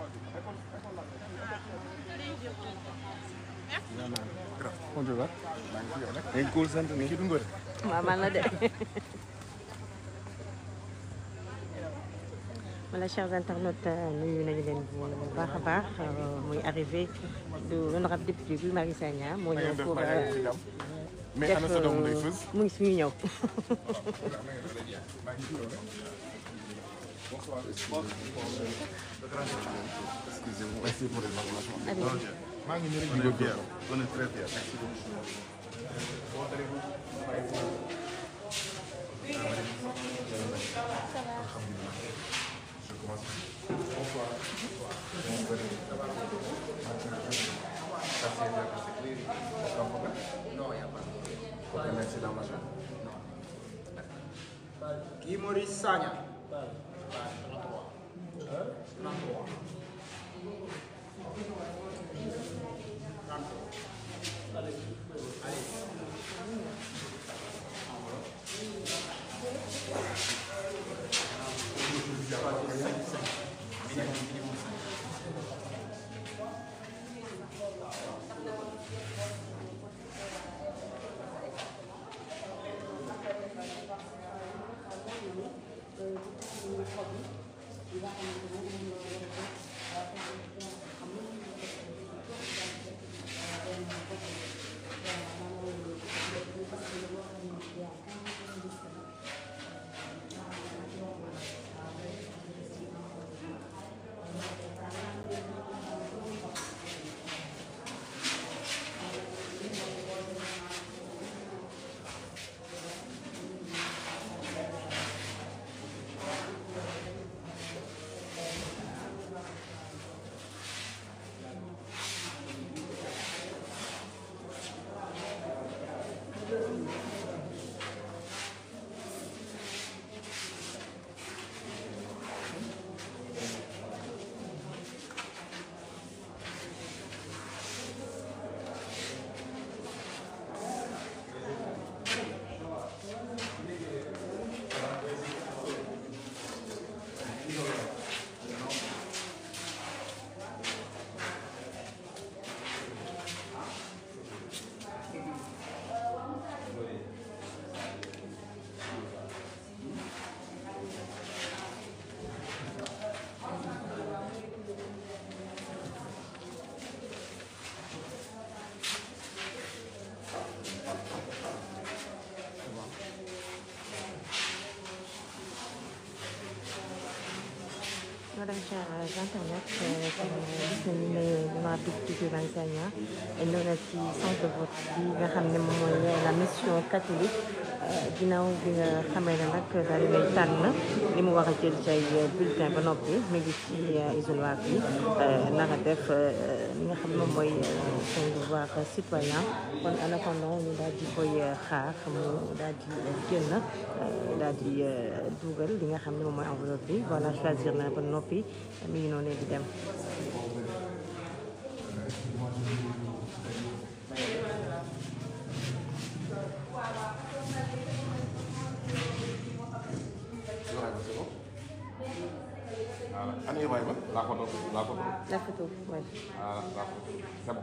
waaw man la de wala chers internautes euh, nuyu nañu leen bu baax a baax euh, muy arrivé de l'honorable député bi Marie Sagna moo ñëw pour euh, def mu ngi suñu ñëw Bonsoir. Bonsoir. Excusez-moi, merci pour les informations. maa ngi nuyu di bien on est très bien. Je commence. Bonsoir. Bonsoir. Guy Maurice Sagna. Minimum, minimum 5. madame a j'entends nag gis nañu ne dama dugg ci Vensania ñëw na ci centre de vote bi nga catholique ginnaaw bi nga xamee ne nag daal di li mu wax a jël ci ba noppi mi gis ci euh, isoloir bi euh, naka def euh, li nga xam ne mooy seen devoir citoyen kon en attendant ñu daal di koy xaar mu daal di génn daal di dugal li nga xam ne moom mooy enveloppe bi voilà choisir na ba noppi mi ngi di dem la may ma la photo la photo. la photo oui. ah la photo c'est bon.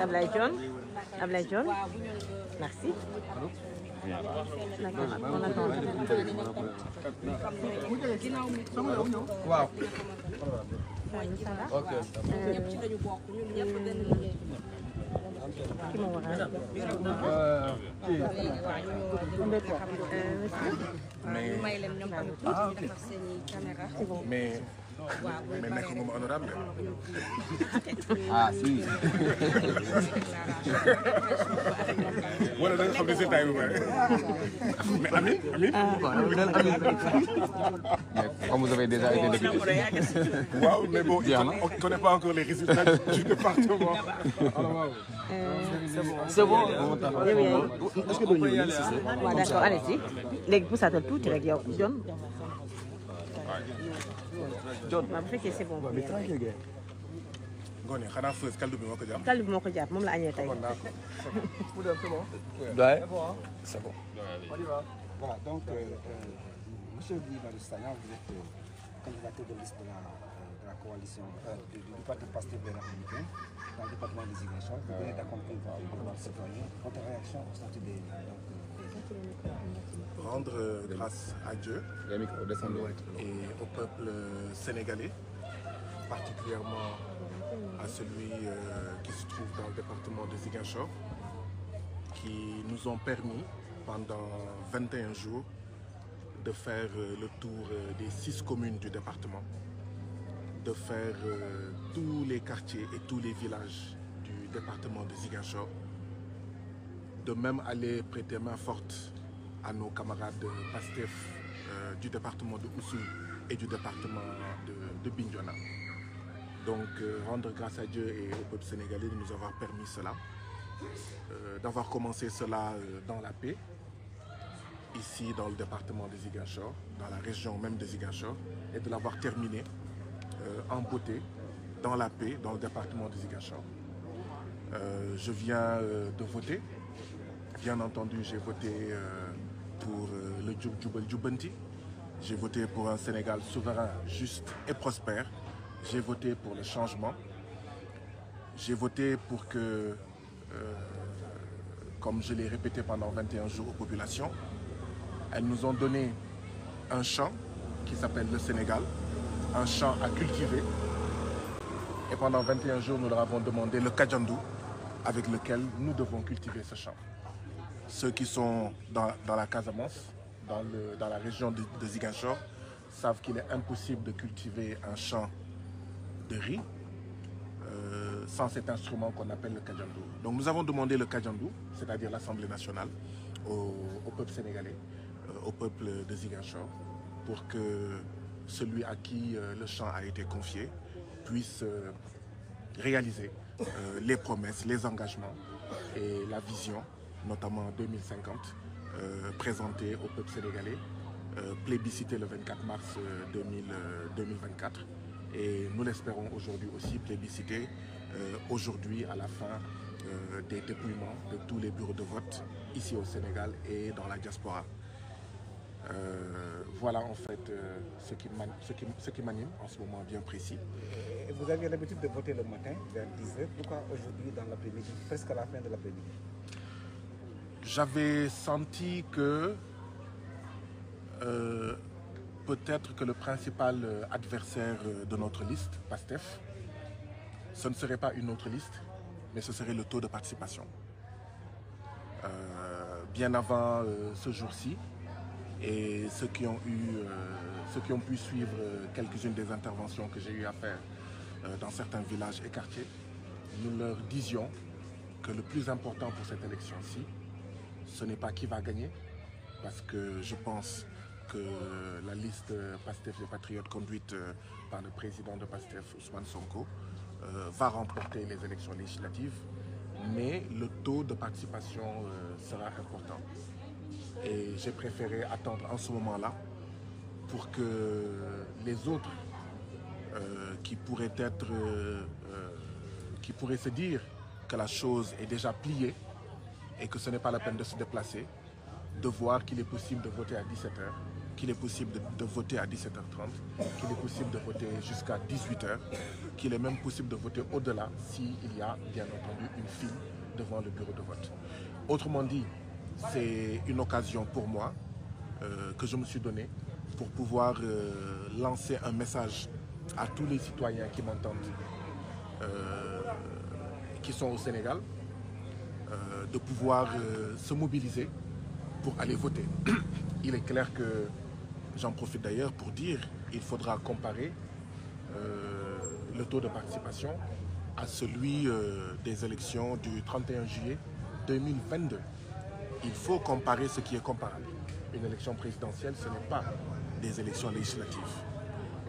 Ablaye John Ablaye John merci. waaw. Euh, euh, euh, ah, ok. Ah, mais. mais nekk nga mu honorable ah si. wala da nga xam résultat yi ba pare mais Ami Ami. mais comme ah, vous avez déjà été député. waaw mais bon on ne connaît pas encore les résultats du département. c'est bon. est-ce que doo ñëw si waaw d'accord allez si léegi pour ça tuuti rek yow John. John waaw bu fekkee c'est bon. Ngoné xanaa fës kaldu bi moo ko jàpp. kaldu bi moo ko jàpp moom la añee tey. doy c'est bon. voilà donc euh, euh, monsieur Guy Marius Sagna vous êtes euh, candidat de liste de la de la coalition du parti Pastef des Républicains dans le département de Ziguinchor. vous venez d'accompagner votre citoyen. Votre réaction au statut des donc. rendre grâce à Dieu et au peuple euh, sénégalais, particulièrement à celui euh, qui se trouve dans le département de Ziguinchor, qui nous ont permis pendant jours de faire euh, le tour des six communes du département, de faire tous les quartiers et tous les villages du département de Ziguinchor de même aller prêter main forte à nos camarades de PASTEF euh, du département de Oussouye et du département de, de Bignona. Donc euh, rendre grâce à Dieu et au peuple sénégalais de nous avoir permis cela, euh, d'avoir commencé cela euh, dans la paix, ici dans le département de Ziguinchor, dans la région même de Ziguinchor, et de l'avoir terminé euh, en beauté, dans la paix, dans le département de Ziguinchor. Euh, je viens de voter Bien entendu, j'ai voté euh, pour euh, le Djoub Djoubel J'ai voté pour un Sénégal souverain, juste et prospère. J'ai voté pour le changement. J'ai voté pour que, euh, comme je l'ai répété pendant 21 jours aux populations, elles nous ont donné un champ qui s'appelle le Sénégal, un champ à cultiver. Et pendant 21 jours, nous leur avons demandé le Kajandou avec lequel nous devons cultiver ce champ. ceux qui sont dans, dans la Casamance, dans, le, dans la région de, de Ziguinchor, savent qu'il est impossible de cultiver un champ de riz euh, sans cet instrument qu'on appelle le kajandou. Donc nous avons demandé le kajandou, c'est-à-dire l'Assemblée nationale, au, au, peuple sénégalais, euh, au peuple de Ziguinchor, pour que celui à qui euh, le champ a été confié puisse euh, réaliser euh, les promesses, les engagements et la vision notamment 2050, euh, présenté au peuple sénégalais, euh, plébiscité le 24 mars 2000, euh, 2024. Euh, et nous l'espérons aujourd'hui aussi plébiscité, euh, aujourd'hui à la fin des de tous les bureaux de vote ici au Sénégal et dans la diaspora. Euh, voilà en fait euh, ce qui m'anime ce qui, ce qui en ce moment bien j'avais senti que euh, peut-être que le principal euh, adversaire euh, de notre liste, PASTEF, ce ne serait pas une autre liste, mais ce serait le taux de participation. Euh, bien avant euh, ce jour-ci, et ceux qui ont eu, euh, ceux qui ont pu suivre quelques-unes des interventions que j'ai eu à faire dans certains villages et quartiers, nous leur disions que le plus important pour cette élection-ci, ce n'est pas qui va gagner, parce que je pense que la liste euh, PASTEF des Patriotes conduite euh, par le président de PASTEF, Ousmane Sonko, euh, va remporter les élections législatives, mais le taux de participation euh, sera important. Et j'ai préféré attendre en ce moment-là pour que les autres euh, qui pourraient être, euh, qui pourraient se dire que la chose est déjà pliée, et que ce de se de voir qu'il est de voter à 17h, qu'il est possible de, de, voter de voter jusqu'à 18h, qu'il est même possible de au-delà a bien le bureau de vote. Autrement dit, c'est pour moi euh, que je me suis donnée pour pouvoir euh, message à tous les citoyens qui m'entendent, euh, Sénégal, Euh, de pouvoir euh, se pour aller voter. Il est clair que, j'en profite d'ailleurs pour dire, il faudra euh, le taux de participation à celui des élections du 31 juillet 2022. Il faut comparer ce qui est comparable. Une élection présidentielle, ce n'est pas des élections législatives.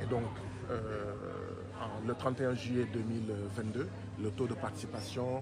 Et donc, euh, en, le 31 juillet 2022, le taux de participation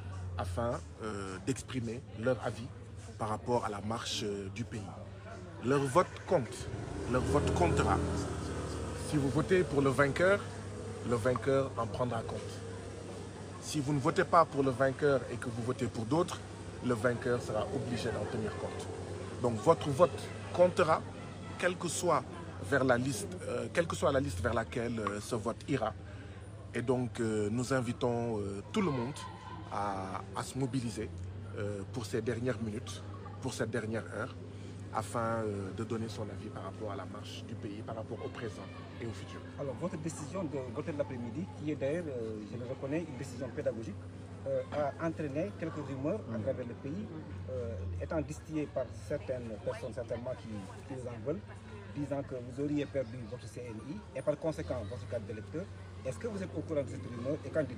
afin euh, d'exprimer leur avis par rapport à la marche euh, du pays. Leur vote compte, leur vote comptera. Si vous votez pour le vainqueur, le vainqueur en prendra compte. Si vous ne votez pas pour le vainqueur et que vous votez pour d'autres, le vainqueur sera obligé d'en tenir compte. Donc votre vote comptera, quelle que soit, vers la, liste, euh, quelle que soit la liste vers laquelle euh, ce vote ira. Et donc euh, nous invitons euh, tout le monde à, à se mobiliser euh, pour ces dernières minutes, pour cette dernière heure, afin euh, de donner son avis par rapport à la marche du pays, par rapport au présent et au futur. votre décision de voter l'après-midi, qui est d'ailleurs, euh, je le reconnais, une décision pédagogique, euh, a entraîné quelques rumeurs mmh. à mm. travers le pays, euh, étant distillées par certaines personnes certainement qui, qui en veulent, disant que vous auriez perdu votre CNI et par conséquent votre carte d'électeur. Est-ce que vous êtes au courant de cette et qu'en dites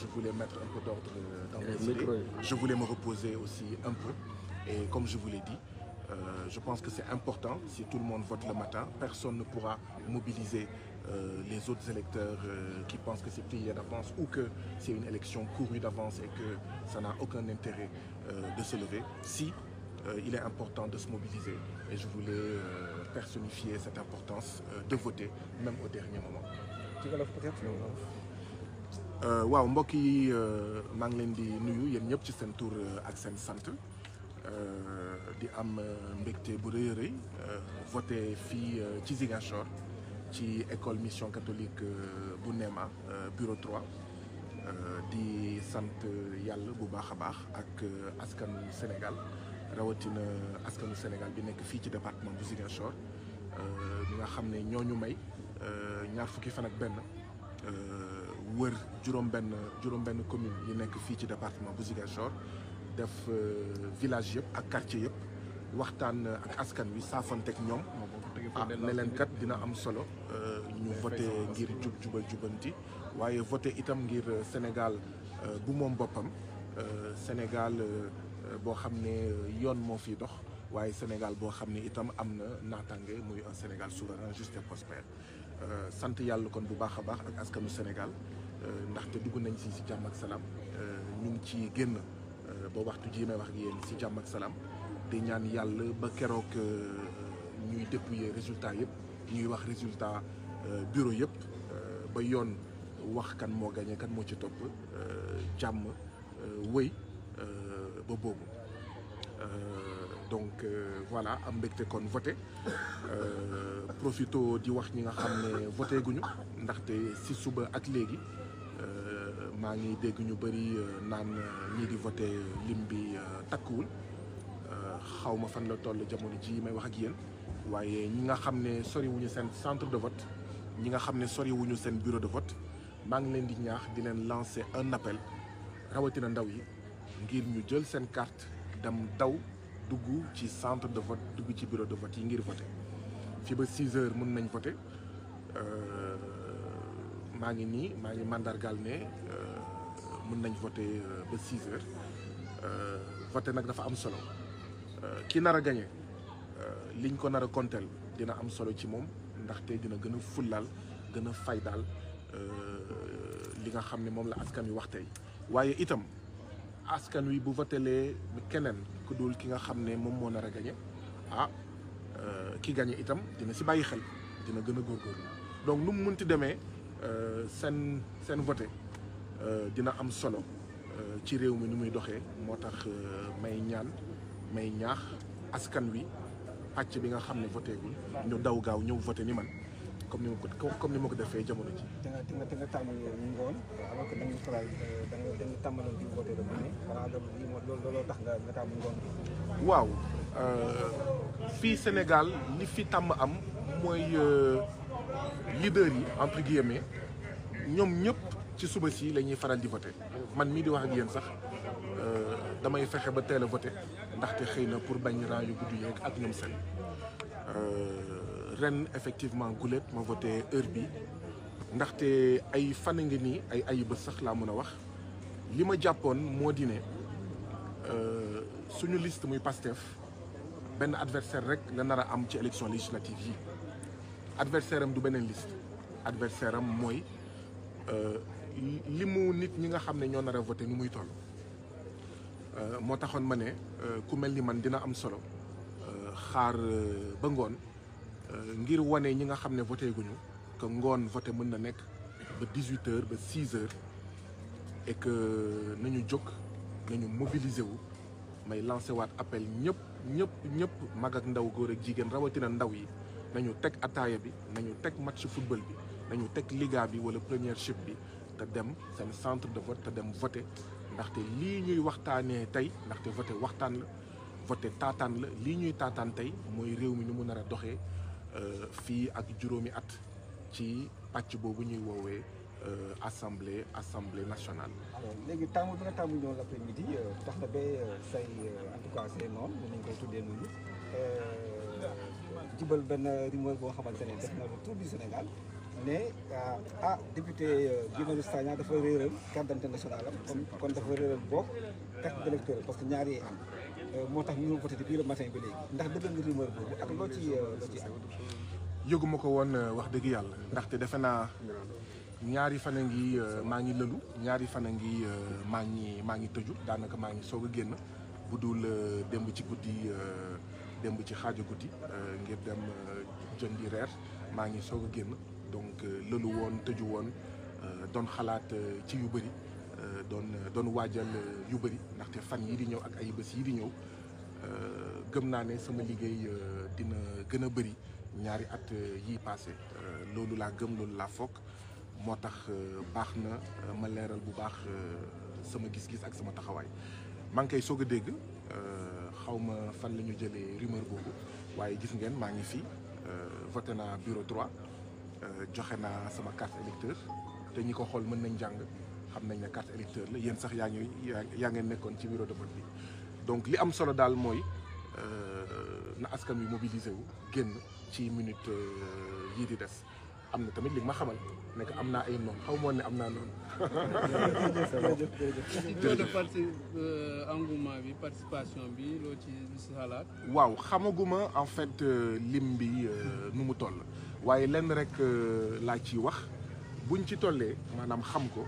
je voulais mettre un peu d'ordre euh, dans mes idées. Je voulais me reposer aussi un peu. Et comme je vous l'ai dit, euh, je pense que c'est important. Si tout le monde vote le matin, personne ne pourra mobiliser euh, les autres électeurs euh, qui pensent que c'est plié d'avance ou que c'est une élection courue d'avance et que ça n'a aucun intérêt euh, de se lever. Si euh, il est important de se mobiliser et je voulais personnifier cette importance de voter, même au dernier moment. Euh, waaw mbokk yi euh, maa ngi leen di nuyu yéen ñëpp ci seen tur euh, ak seen sant di am mbégte bu rëy a rëy voté fii ci Ziguinchor ci école mission catholique bu Néma bureau 3 di sant yàlla bu baax a baax ak askanu Sénégal rawatina askanu Sénégal bi nekk fii ci département bu Ziguinchor bi nga xam ne ñoo ñu may ñaar fukki fan ak benn. wër juróom-benn juróom-benn commune yi nekk fii ci département bu Ziguinchor def euh, village yëpp ak quartier yëpp waxtaan euh, ak askan wi saafanteeg ñoom ah, ah leen kat dina am solo euh, ñu voté ngir jub juba jubanti waaye voté itam ngir Sénégal bu moom boppam Sénégal boo xam ne yoon moo fi dox waaye Sénégal boo xam ne itam am na naataange muy un Sénégal souverain juste et sant yàlla kon bu baax a baax ak askanu Sénégal Euh, ndaxte dugg nañ si si jàmm ak salaam euh, ñu ngi ci génn euh, ba waxtu ji may wax ak yéen si jàmm ak salaam te ñaan yàlla ba keroog ñuy dépouiller résultat yëpp ñuy wax résultat bureau yëpp ba yoon wax kan moo gagné kan moo ci topp jàmm wëy ba boobu donc voilà am mbégte kon voté profito di wax ñi nga xam ne voteeguñu ndaxte si suba ak léegi maa ngi dégg ñu bëri euh, naan euh, ñii di voté euh, lim bi takkuwul xaw ma fan la toll jamono ji may wax ak yéen waaye ñi nga xam ne soriwuñu seen centre de vote ñi nga xam ne soriwuñu seen bureau de vote maa ngi leen di ñaax di leen lancer un appel rawatina ndaw yi ngir ñu jël seen carte dem daw dugg ci centre de vote dugg ci bureau de vote yi ngir voté fi ba 6 heures mën nañ voté. maa ngi nii maa ngi mandargal ne euh, mën nañ voté euh, ba 6 heures euh, voté nag dafa am solo ki nar a gañe liñ ko nar a konteel dina am solo ci moom ndaxte dina gën a fullaal gën a faydaal li nga xam ne moom la askan wi wax tey waaye itam askan wi bu votelee keneen ku dul ki nga xam ne moom moo nar a gañe ah ki gañe itam dina si bàyyi xel dina gën a góorgóorlu donc nu mu munti demee Euh, seen seen voté euh, dina am solo euh, ci réew mi ni muy doxee moo tax may ñaan may ñaax askan wi pàcc bi nga xam ne voté gul ñu daw gaaw ñëw voté ni man comme ni ma ko comme ni ma ko defee jamono ci da nga da nga tàmbali ñu ngi woon alors que ngoon waaw fii Sénégal li fi tàmm am mooy. leaders yi entre guillemets ñoom ñëpp ci suba si la ñuy faral di voté man mii di wax ak yéen sax euh, damay fexe ba teel a voté ndaxte xëy na pour bañ rang yu gudd yeeg ak ñoom seen euh, ren effectivement gulet ma voté heure bi ndaxte ay fan ngi nii ay ayu sax laa mën a wax li ma jàppoon moo di ne euh, suñu liste muy Pastef benn adversaire rek la nar a am ci élection législative yi adversaire am du beneen liste adversaire am mooy euh, li mu nit ñi nga xam ne ñoo nar vote voté nu muy toll euh, moo taxoon ma ne euh, ku mel ni man dina am solo xaar ba ngoon ngir wane ñi nga xam ne voté guñu que ngoon voté mën na nekk ba dix-huit heures ba six heures et que nañu jóg nañu mobiliser wu may lancé waat appel ñëpp ñëpp ñëpp mag ak ndaw góor ak jigéen rawatina ndaw yi nañu teg ataaya bi nañu teg match football bi nañu teg liga bi wala premiership bi te dem seen centre de vote te dem voté ndaxte lii ñuy waxtaanee tey ndaxte voté waxtaan la voté taataan la lii ñuy taataan tey mooy réew mi ni mu nar a doxee euh, fii ak juróomi at ci pàcc boobu ñuy woowee euh, assemblée assemblée nationale. alors léegi taamu bi nga taamu ñoom l'après-midi euh, tax en tout cas say noonu nañ jubal benn rumeur boo xamante ne def na le tour du Sénégal ne ah, ah député euh, Guy dafa réeral carte d'identité nationale am kon kon dafa réeral parce que ñaar am euh, moo tax ñu voté depuis le bi léegi ndax dëggal nga rumeur boobu ak loo ci euh, loo ko woon wax dëgg yàlla ndaxte defe naa ñaari fan a ngi maa ngi lëlu ñaari fan a ngi maa ngi maa ngi tëju daanaka maa ngi soog a génn bu dul démb ci guddi démb ci xaaju guddi euh, ngir dem euh, jëndi reer maa ngi soog a génn donc euh, loolu woon tëju woon doon xalaat ci yu bëri doon doon waajal yu bëri ndaxte fan yi di ñëw ak ay bés yi di ñëw gëm naa ne sama liggéey dina gën a bëri ñaari at yi passé loolu laa gëm loolu laa foog moo tax baax na ma leeral bu baax sama gis-gis ak sama taxawaay maa ngi koy soog a dégg Euh, xaw ma fan la ñu jëlee rumeur boobu waaye gis ngeen maa ngi fi euh, voté naa bureau 3 euh, joxe naa sama carte électeur te ñi ko xool mën nañ jàng xam nañ ne carte électeur la yéen sax yaa ngi yaa ngeen nekkoon ci bureau de vote bi donc li am solo daal mooy na askan wi mobilisé wu génn ci minute yii di des. am na tamit li ma xamal nekk am naa ay noonu xaw ma ne am naa noonu. jërëjëf jërëjëf engouement bi participation bi loo ci xalaat. waaw xamaguma en fait euh, lim bi euh, nu mu toll waaye lenn rek euh, laa ci wax buñ ci tollee maanaam xam ko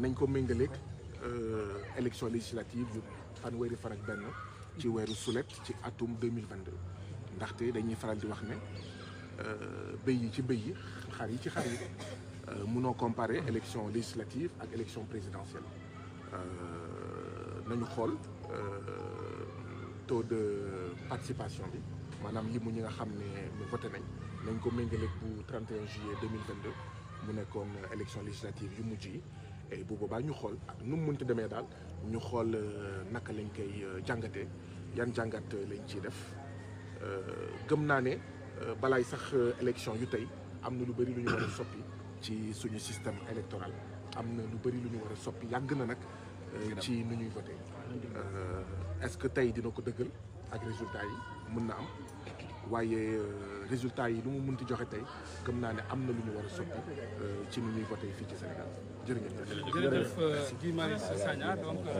nañ ko méngaleeg élection législative fanweeri fan ak benn ci weeru sulet ci atum deux mille vingt deux ndaxte dañuy faral di wax ne. Euh, bëy yi ci bëy yi xar yi ci xar yi euh, mënoo comparer élection législative ak élection présidentielle euh, nañu xool taux de participation bi maanaam li mu ñi nga xam ne mu voté nañ nañ ko méngaleeg bu 31 juillet 2022 mu nekkoon élection législative yu mujj yi et bu boobaa ñu xool ak nu mu mënti demee daal ñu xool naka lañ koy jàngate yan jàngat lañ ci def gëm naa ne. balaay sax euh, élection yu tey am na lu bëri lu ñu war a soppi ci suñu système électoral am na lu bëri lu ñu war soppi yàgg na nag euh, ci nu ñuy voté euh, est-ce que tey dina ko dëggal ak résultat yi mën na am waaye résultat yi lu mu munti joxe tey gëm naa ne am na lu ñu war a soppi ci nu ñuy voté fii ci Sénégal jërë ngeen jëf